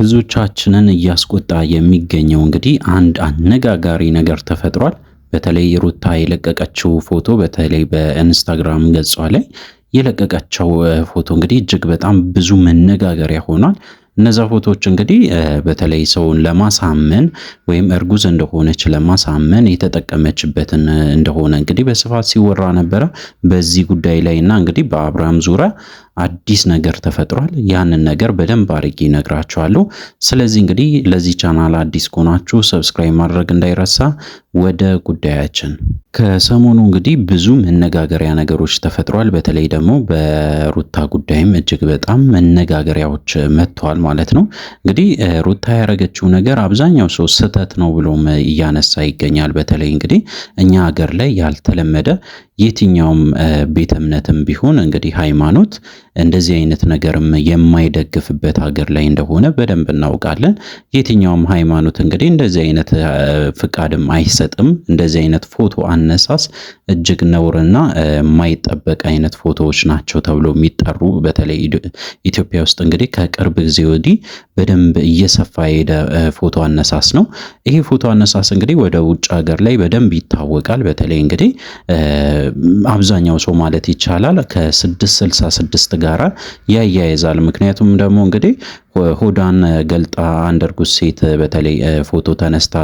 ብዙዎቻችንን እያስቆጣ የሚገኘው እንግዲህ አንድ አነጋጋሪ ነገር ተፈጥሯል። በተለይ ሩታ የለቀቀችው ፎቶ በተለይ በኢንስታግራም ገጿ ላይ የለቀቀችው ፎቶ እንግዲህ እጅግ በጣም ብዙ መነጋገሪያ ሆኗል። እነዛ ፎቶዎች እንግዲህ በተለይ ሰውን ለማሳመን ወይም እርጉዝ እንደሆነች ለማሳመን የተጠቀመችበትን እንደሆነ እንግዲህ በስፋት ሲወራ ነበረ በዚህ ጉዳይ ላይ እና እንግዲህ በአብርሃም ዙሪያ አዲስ ነገር ተፈጥሯል። ያንን ነገር በደንብ አድርጌ እነግራችኋለሁ። ስለዚህ እንግዲህ ለዚህ ቻናል አዲስ ከሆናችሁ ሰብስክራይብ ማድረግ እንዳይረሳ። ወደ ጉዳያችን ከሰሞኑ እንግዲህ ብዙ መነጋገሪያ ነገሮች ተፈጥሯል። በተለይ ደግሞ በሩታ ጉዳይም እጅግ በጣም መነጋገሪያዎች መጥተዋል ማለት ነው። እንግዲህ ሩታ ያደረገችው ነገር አብዛኛው ሰው ስህተት ነው ብሎም እያነሳ ይገኛል። በተለይ እንግዲህ እኛ ሀገር ላይ ያልተለመደ የትኛውም ቤተ እምነትም ቢሆን እንግዲህ ሃይማኖት እንደዚህ አይነት ነገርም የማይደግፍበት ሀገር ላይ እንደሆነ በደንብ እናውቃለን። የትኛውም ሃይማኖት እንግዲህ እንደዚህ አይነት ፍቃድም አይሰጥም። እንደዚህ አይነት ፎቶ አነሳስ እጅግ ነውርና የማይጠበቅ አይነት ፎቶዎች ናቸው ተብሎ የሚጠሩ በተለይ ኢትዮጵያ ውስጥ እንግዲህ ከቅርብ ጊዜ ወዲህ በደንብ እየሰፋ የሄደ ፎቶ አነሳስ ነው። ይሄ ፎቶ አነሳስ እንግዲህ ወደ ውጭ ሀገር ላይ በደንብ ይታወቃል። በተለይ እንግዲህ አብዛኛው ሰው ማለት ይቻላል ከ666 ጋራ ያያይዛል። ምክንያቱም ደግሞ እንግዲህ ሆዳን ገልጣ አንድ እርጉዝ ሴት በተለይ ፎቶ ተነስታ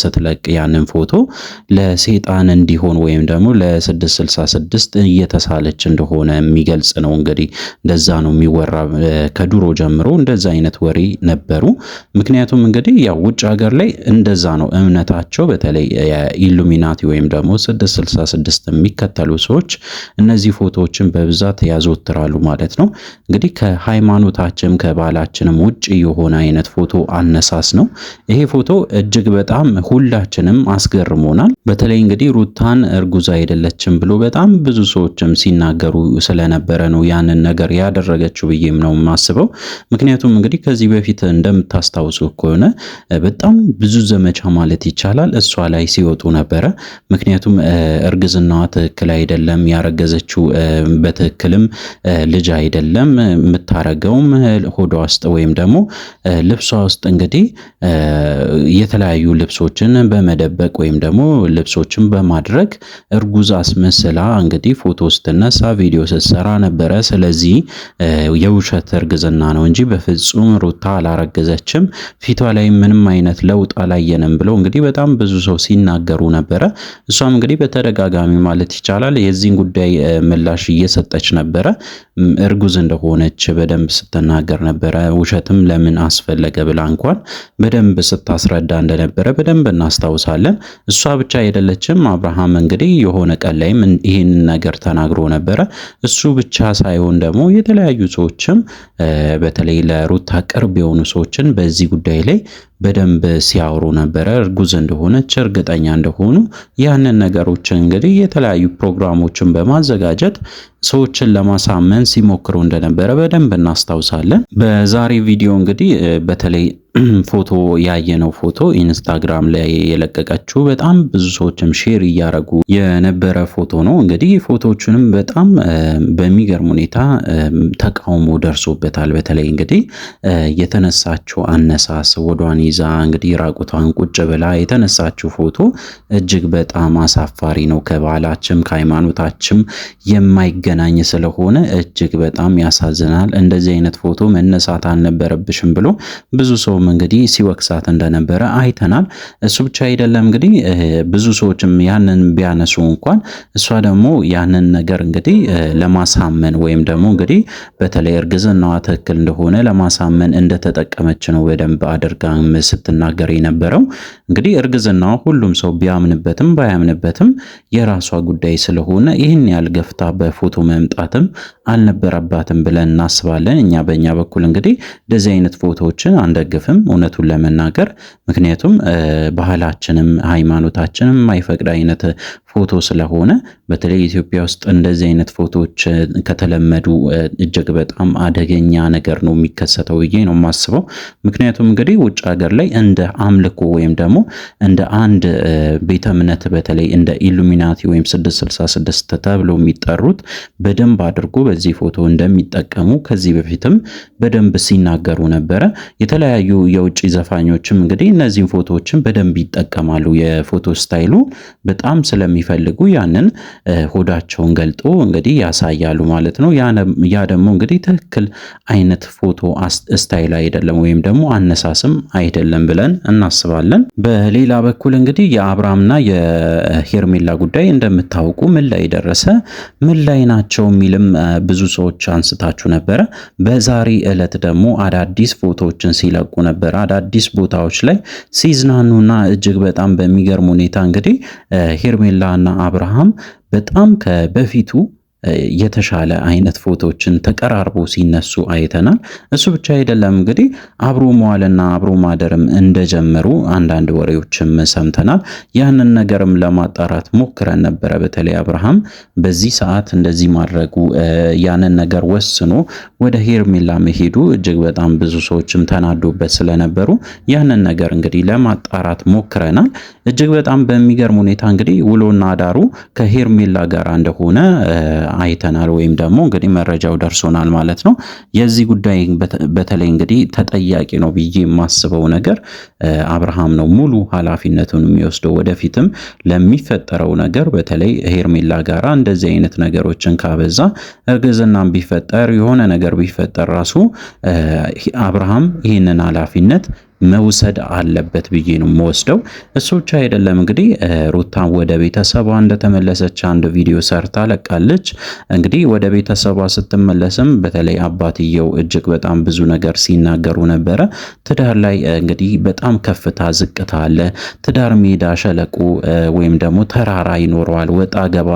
ስትለቅ ያንን ፎቶ ለሴጣን እንዲሆን ወይም ደግሞ ለ666 እየተሳለች እንደሆነ የሚገልጽ ነው። እንግዲህ እንደዛ ነው የሚወራ። ከድሮ ጀምሮ እንደዛ አይነት ወሬ ነበሩ። ምክንያቱም እንግዲህ ያው ውጭ ሀገር ላይ እንደዛ ነው እምነታቸው። በተለይ የኢሉሚናቲ ወይም ደግሞ 666 የሚከተሉ ሰዎች እነዚህ ፎቶዎችን በብዛት ያዘወትራሉ ማለት ነው። እንግዲህ ከሃይማኖታችንም ከባህላችንም ከአቅም ውጭ የሆነ አይነት ፎቶ አነሳስ ነው። ይሄ ፎቶ እጅግ በጣም ሁላችንም አስገርሞናል። በተለይ እንግዲህ ሩታን እርጉዝ አይደለችም ብሎ በጣም ብዙ ሰዎችም ሲናገሩ ስለነበረ ነው ያንን ነገር ያደረገችው ብዬም ነው የማስበው። ምክንያቱም እንግዲህ ከዚህ በፊት እንደምታስታውሱ ከሆነ በጣም ብዙ ዘመቻ ማለት ይቻላል እሷ ላይ ሲወጡ ነበረ። ምክንያቱም እርግዝናዋ ትክክል አይደለም፣ ያረገዘችው በትክክልም ልጅ አይደለም፣ የምታረገውም ሆዷ ውስጥ ወይ ወይም ደግሞ ልብሷ ውስጥ እንግዲህ የተለያዩ ልብሶችን በመደበቅ ወይም ደግሞ ልብሶችን በማድረግ እርጉዝ አስመስላ እንግዲህ ፎቶ ስትነሳ ቪዲዮ ስትሰራ ነበረ። ስለዚህ የውሸት እርግዝና ነው እንጂ በፍጹም ሩታ አላረገዘችም፣ ፊቷ ላይ ምንም አይነት ለውጥ አላየንም ብለው እንግዲህ በጣም ብዙ ሰው ሲናገሩ ነበረ። እሷም እንግዲህ በተደጋጋሚ ማለት ይቻላል የዚህን ጉዳይ ምላሽ እየሰጠች ነበረ። እርጉዝ እንደሆነች በደንብ ስትናገር ነበረ። መሸጥም ለምን አስፈለገ ብላ እንኳን በደንብ ስታስረዳ እንደነበረ በደንብ እናስታውሳለን። እሷ ብቻ አይደለችም። አብርሃም እንግዲህ የሆነ ቀን ላይም ይህን ነገር ተናግሮ ነበረ። እሱ ብቻ ሳይሆን ደግሞ የተለያዩ ሰዎችም በተለይ ለሩታ ቅርብ የሆኑ ሰዎችን በዚህ ጉዳይ ላይ በደንብ ሲያወሩ ነበረ። እርጉዝ እንደሆነች እርግጠኛ እንደሆኑ ያንን ነገሮችን እንግዲህ የተለያዩ ፕሮግራሞችን በማዘጋጀት ሰዎችን ለማሳመን ሲሞክሩ እንደነበረ በደንብ እናስታውሳለን። በዛሬ ቪዲዮ እንግዲህ በተለይ ፎቶ ያየነው ፎቶ ኢንስታግራም ላይ የለቀቀችው በጣም ብዙ ሰዎችም ሼር እያረጉ የነበረ ፎቶ ነው። እንግዲህ ፎቶዎቹንም በጣም በሚገርም ሁኔታ ተቃውሞ ደርሶበታል። በተለይ እንግዲህ የተነሳችው አነሳስ ወዷን ይዛ እንግዲህ ራቁቷን ቁጭ ብላ የተነሳችው ፎቶ እጅግ በጣም አሳፋሪ ነው። ከባህላችም ከሃይማኖታችም የማይገናኝ ስለሆነ እጅግ በጣም ያሳዝናል። እንደዚህ አይነት ፎቶ መነሳት አልነበረብሽም ብሎ ብዙ ሰው ሰውም እንግዲህ ሲወቅሳት እንደነበረ አይተናል። እሱ ብቻ አይደለም እንግዲህ ብዙ ሰዎችም ያንን ቢያነሱ እንኳን እሷ ደግሞ ያንን ነገር እንግዲህ ለማሳመን ወይም ደግሞ እንግዲህ በተለይ እርግዝናዋ ትክክል እንደሆነ ለማሳመን እንደተጠቀመች ነው በደንብ አድርጋ ስትናገር የነበረው። እንግዲህ እርግዝናዋ ሁሉም ሰው ቢያምንበትም ባያምንበትም የራሷ ጉዳይ ስለሆነ ይህን ያልገፍታ በፎቶ መምጣትም አልነበረባትም ብለን እናስባለን። እኛ በእኛ በኩል እንግዲህ እንደዚህ አይነት ፎቶዎችን አንደግፍም እውነቱን ለመናገር ምክንያቱም ባህላችንም ሃይማኖታችንም የማይፈቅድ አይነት ፎቶ ስለሆነ በተለይ ኢትዮጵያ ውስጥ እንደዚህ አይነት ፎቶዎች ከተለመዱ እጅግ በጣም አደገኛ ነገር ነው የሚከሰተው ብዬ ነው የማስበው። ምክንያቱም እንግዲህ ውጭ ሀገር ላይ እንደ አምልኮ ወይም ደግሞ እንደ አንድ ቤተ እምነት በተለይ እንደ ኢሉሚናቲ ወይም 666 ተብለው የሚጠሩት በደንብ አድርጎ በዚህ ፎቶ እንደሚጠቀሙ ከዚህ በፊትም በደንብ ሲናገሩ ነበረ። የተለያዩ የውጭ ዘፋኞችም እንግዲህ እነዚህን ፎቶዎችን በደንብ ይጠቀማሉ። የፎቶ ስታይሉ በጣም ስለሚ ቢፈልጉ ያንን ሆዳቸውን ገልጦ እንግዲህ ያሳያሉ ማለት ነው። ያ ደግሞ እንግዲህ ትክክል አይነት ፎቶ ስታይል አይደለም ወይም ደግሞ አነሳስም አይደለም ብለን እናስባለን። በሌላ በኩል እንግዲህ የአብርሃምና የሄርሜላ ጉዳይ እንደምታውቁ ምን ላይ ደረሰ፣ ምን ላይ ናቸው የሚልም ብዙ ሰዎች አንስታችሁ ነበረ። በዛሬ ዕለት ደግሞ አዳዲስ ፎቶዎችን ሲለቁ ነበረ። አዳዲስ ቦታዎች ላይ ሲዝናኑና እጅግ በጣም በሚገርም ሁኔታ እንግዲህ ሄርሜላ ሳራና አብርሃም በጣም ከበፊቱ የተሻለ አይነት ፎቶዎችን ተቀራርቦ ሲነሱ አይተናል። እሱ ብቻ አይደለም እንግዲህ አብሮ መዋልና አብሮ ማደርም እንደጀመሩ አንዳንድ ወሬዎችም ሰምተናል። ያንን ነገርም ለማጣራት ሞክረን ነበረ። በተለይ አብርሃም በዚህ ሰዓት እንደዚህ ማድረጉ ያንን ነገር ወስኖ ወደ ሄርሜላ መሄዱ እጅግ በጣም ብዙ ሰዎችም ተናዶበት ስለነበሩ ያንን ነገር እንግዲህ ለማጣራት ሞክረናል። እጅግ በጣም በሚገርም ሁኔታ እንግዲህ ውሎና አዳሩ ከሄርሜላ ጋር እንደሆነ አይተናል ወይም ደግሞ እንግዲህ መረጃው ደርሶናል ማለት ነው። የዚህ ጉዳይ በተለይ እንግዲህ ተጠያቂ ነው ብዬ የማስበው ነገር አብርሃም ነው ሙሉ ኃላፊነቱን የሚወስደው ወደፊትም ለሚፈጠረው ነገር በተለይ ሄርሜላ ጋራ እንደዚህ አይነት ነገሮችን ካበዛ እርግዝናም ቢፈጠር የሆነ ነገር ቢፈጠር ራሱ አብርሃም ይህንን ኃላፊነት መውሰድ አለበት ብዬ ነው የምወስደው። እሱ ብቻ አይደለም እንግዲህ ሩታ ወደ ቤተሰቧ እንደተመለሰች አንድ ቪዲዮ ሰርታ ለቃለች። እንግዲህ ወደ ቤተሰቧ ስትመለስም በተለይ አባትየው እጅግ በጣም ብዙ ነገር ሲናገሩ ነበረ። ትዳር ላይ እንግዲህ በጣም ከፍታ ዝቅታ አለ። ትዳር ሜዳ፣ ሸለቆ ወይም ደግሞ ተራራ ይኖረዋል፣ ወጣ ገባ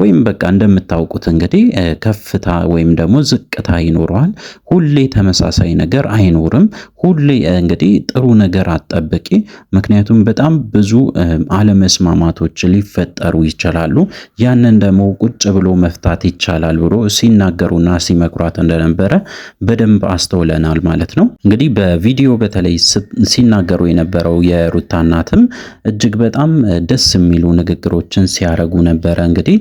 ወይም በቃ እንደምታውቁት እንግዲህ ከፍታ ወይም ደግሞ ዝቅታ ይኖረዋል። ሁሌ ተመሳሳይ ነገር አይኖርም። ሁሌ እንግዲህ ጥሩ ነገር አጠብቂ። ምክንያቱም በጣም ብዙ አለመስማማቶች ሊፈጠሩ ይችላሉ። ያንን ደግሞ ቁጭ ብሎ መፍታት ይቻላል ብሎ ሲናገሩና ሲመክሯት እንደነበረ በደንብ አስተውለናል ማለት ነው። እንግዲህ በቪዲዮ በተለይ ሲናገሩ የነበረው የሩታ እናትም እጅግ በጣም ደስ የሚሉ ንግግሮችን ሲያረጉ ነበረ። እንግዲህ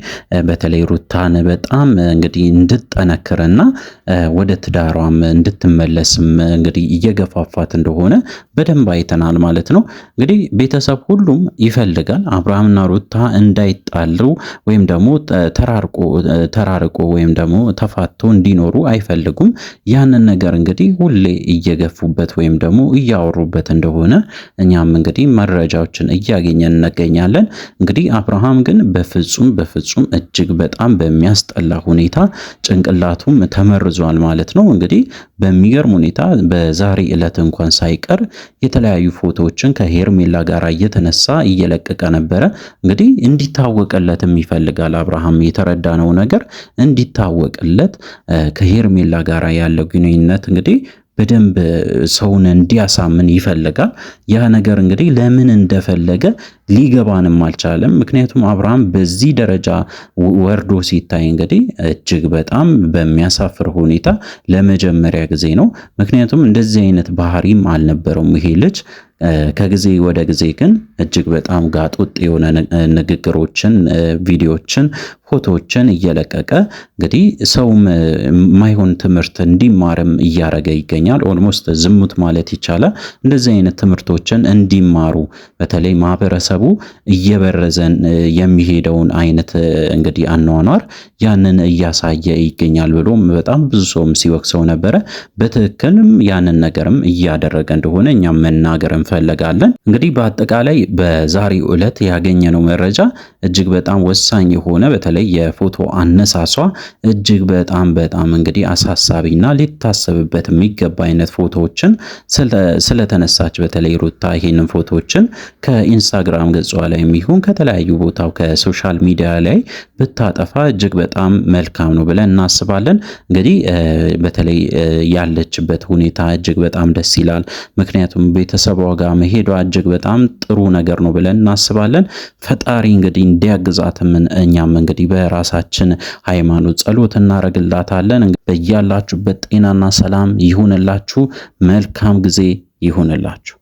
በተለይ ሩታን በጣም እንግዲህ እንድጠነክርና ወደ ትዳሯም እንድትመለስም እንግዲህ እየገፋፋት እንደሆነ በደንብ አይተናል ማለት ነው። እንግዲህ ቤተሰብ ሁሉም ይፈልጋል አብርሃምና ሩታ እንዳይጣሉ ወይም ደግሞ ተራርቆ ወይም ደግሞ ተፋቶ እንዲኖሩ አይፈልጉም። ያንን ነገር እንግዲህ ሁሌ እየገፉበት ወይም ደግሞ እያወሩበት እንደሆነ እኛም እንግዲህ መረጃዎችን እያገኘን እንገኛለን። እንግዲህ አብርሃም ግን በፍጹም በፍጹም እጅግ በጣም በሚያስጠላ ሁኔታ ጭንቅላቱም ተመርዟል ማለት ነው። እንግዲህ በሚገርም ሁኔታ በዛሬ ዕለት እንኳን ሳይቀር የተለያዩ ፎቶዎችን ከሄርሜላ ጋር እየተነሳ እየለቀቀ ነበረ። እንግዲህ እንዲታወቅለትም ይፈልጋል አብርሃም። የተረዳነው ነገር እንዲታወቅለት ከሄርሜላ ጋር ያለው ግንኙነት እንግዲህ በደንብ ሰውን እንዲያሳምን ይፈልጋል። ያ ነገር እንግዲህ ለምን እንደፈለገ ሊገባንም አልቻለም። ምክንያቱም አብርሃም በዚህ ደረጃ ወርዶ ሲታይ እንግዲህ እጅግ በጣም በሚያሳፍር ሁኔታ ለመጀመሪያ ጊዜ ነው። ምክንያቱም እንደዚህ አይነት ባህሪም አልነበረውም ይሄ ልጅ ከጊዜ ወደ ጊዜ ግን እጅግ በጣም ጋጡጥ የሆነ ንግግሮችን፣ ቪዲዮችን፣ ፎቶዎችን እየለቀቀ እንግዲህ ሰውም ማይሆን ትምህርት እንዲማርም እያረገ ይገኛል። ኦልሞስት ዝሙት ማለት ይቻላል እንደዚህ አይነት ትምህርቶችን እንዲማሩ በተለይ ማህበረሰቡ እየበረዘን የሚሄደውን አይነት እንግዲህ አኗኗር ያንን እያሳየ ይገኛል ብሎም በጣም ብዙ ሰውም ሲወቅሰው ነበረ። በትክክልም ያንን ነገርም እያደረገ እንደሆነ እኛም መናገር እንፈለጋለን። እንግዲህ በአጠቃላይ በዛሬው ዕለት ያገኘነው መረጃ እጅግ በጣም ወሳኝ የሆነ በተለይ የፎቶ አነሳሷ እጅግ በጣም በጣም እንግዲህ አሳሳቢና ሊታሰብበት የሚገባ አይነት ፎቶዎችን ስለተነሳች በተለይ ሩታ ይሄንን ፎቶዎችን ከኢንስታግራም ገጿ ላይ የሚሆን ከተለያዩ ቦታው ከሶሻል ሚዲያ ላይ ብታጠፋ እጅግ በጣም መልካም ነው ብለን እናስባለን። እንግዲህ በተለይ ያለችበት ሁኔታ እጅግ በጣም ደስ ይላል። ምክንያቱም ቤተሰቧ ጋር መሄዷ እጅግ በጣም ጥሩ ነገር ነው ብለን እናስባለን። ፈጣሪ እንግዲህ እንዲያግዛት እኛም እንግዲህ በራሳችን ሃይማኖት ጸሎት እናረግላታለን። በያላችሁበት ጤናና ሰላም ይሁንላችሁ። መልካም ጊዜ ይሁንላችሁ።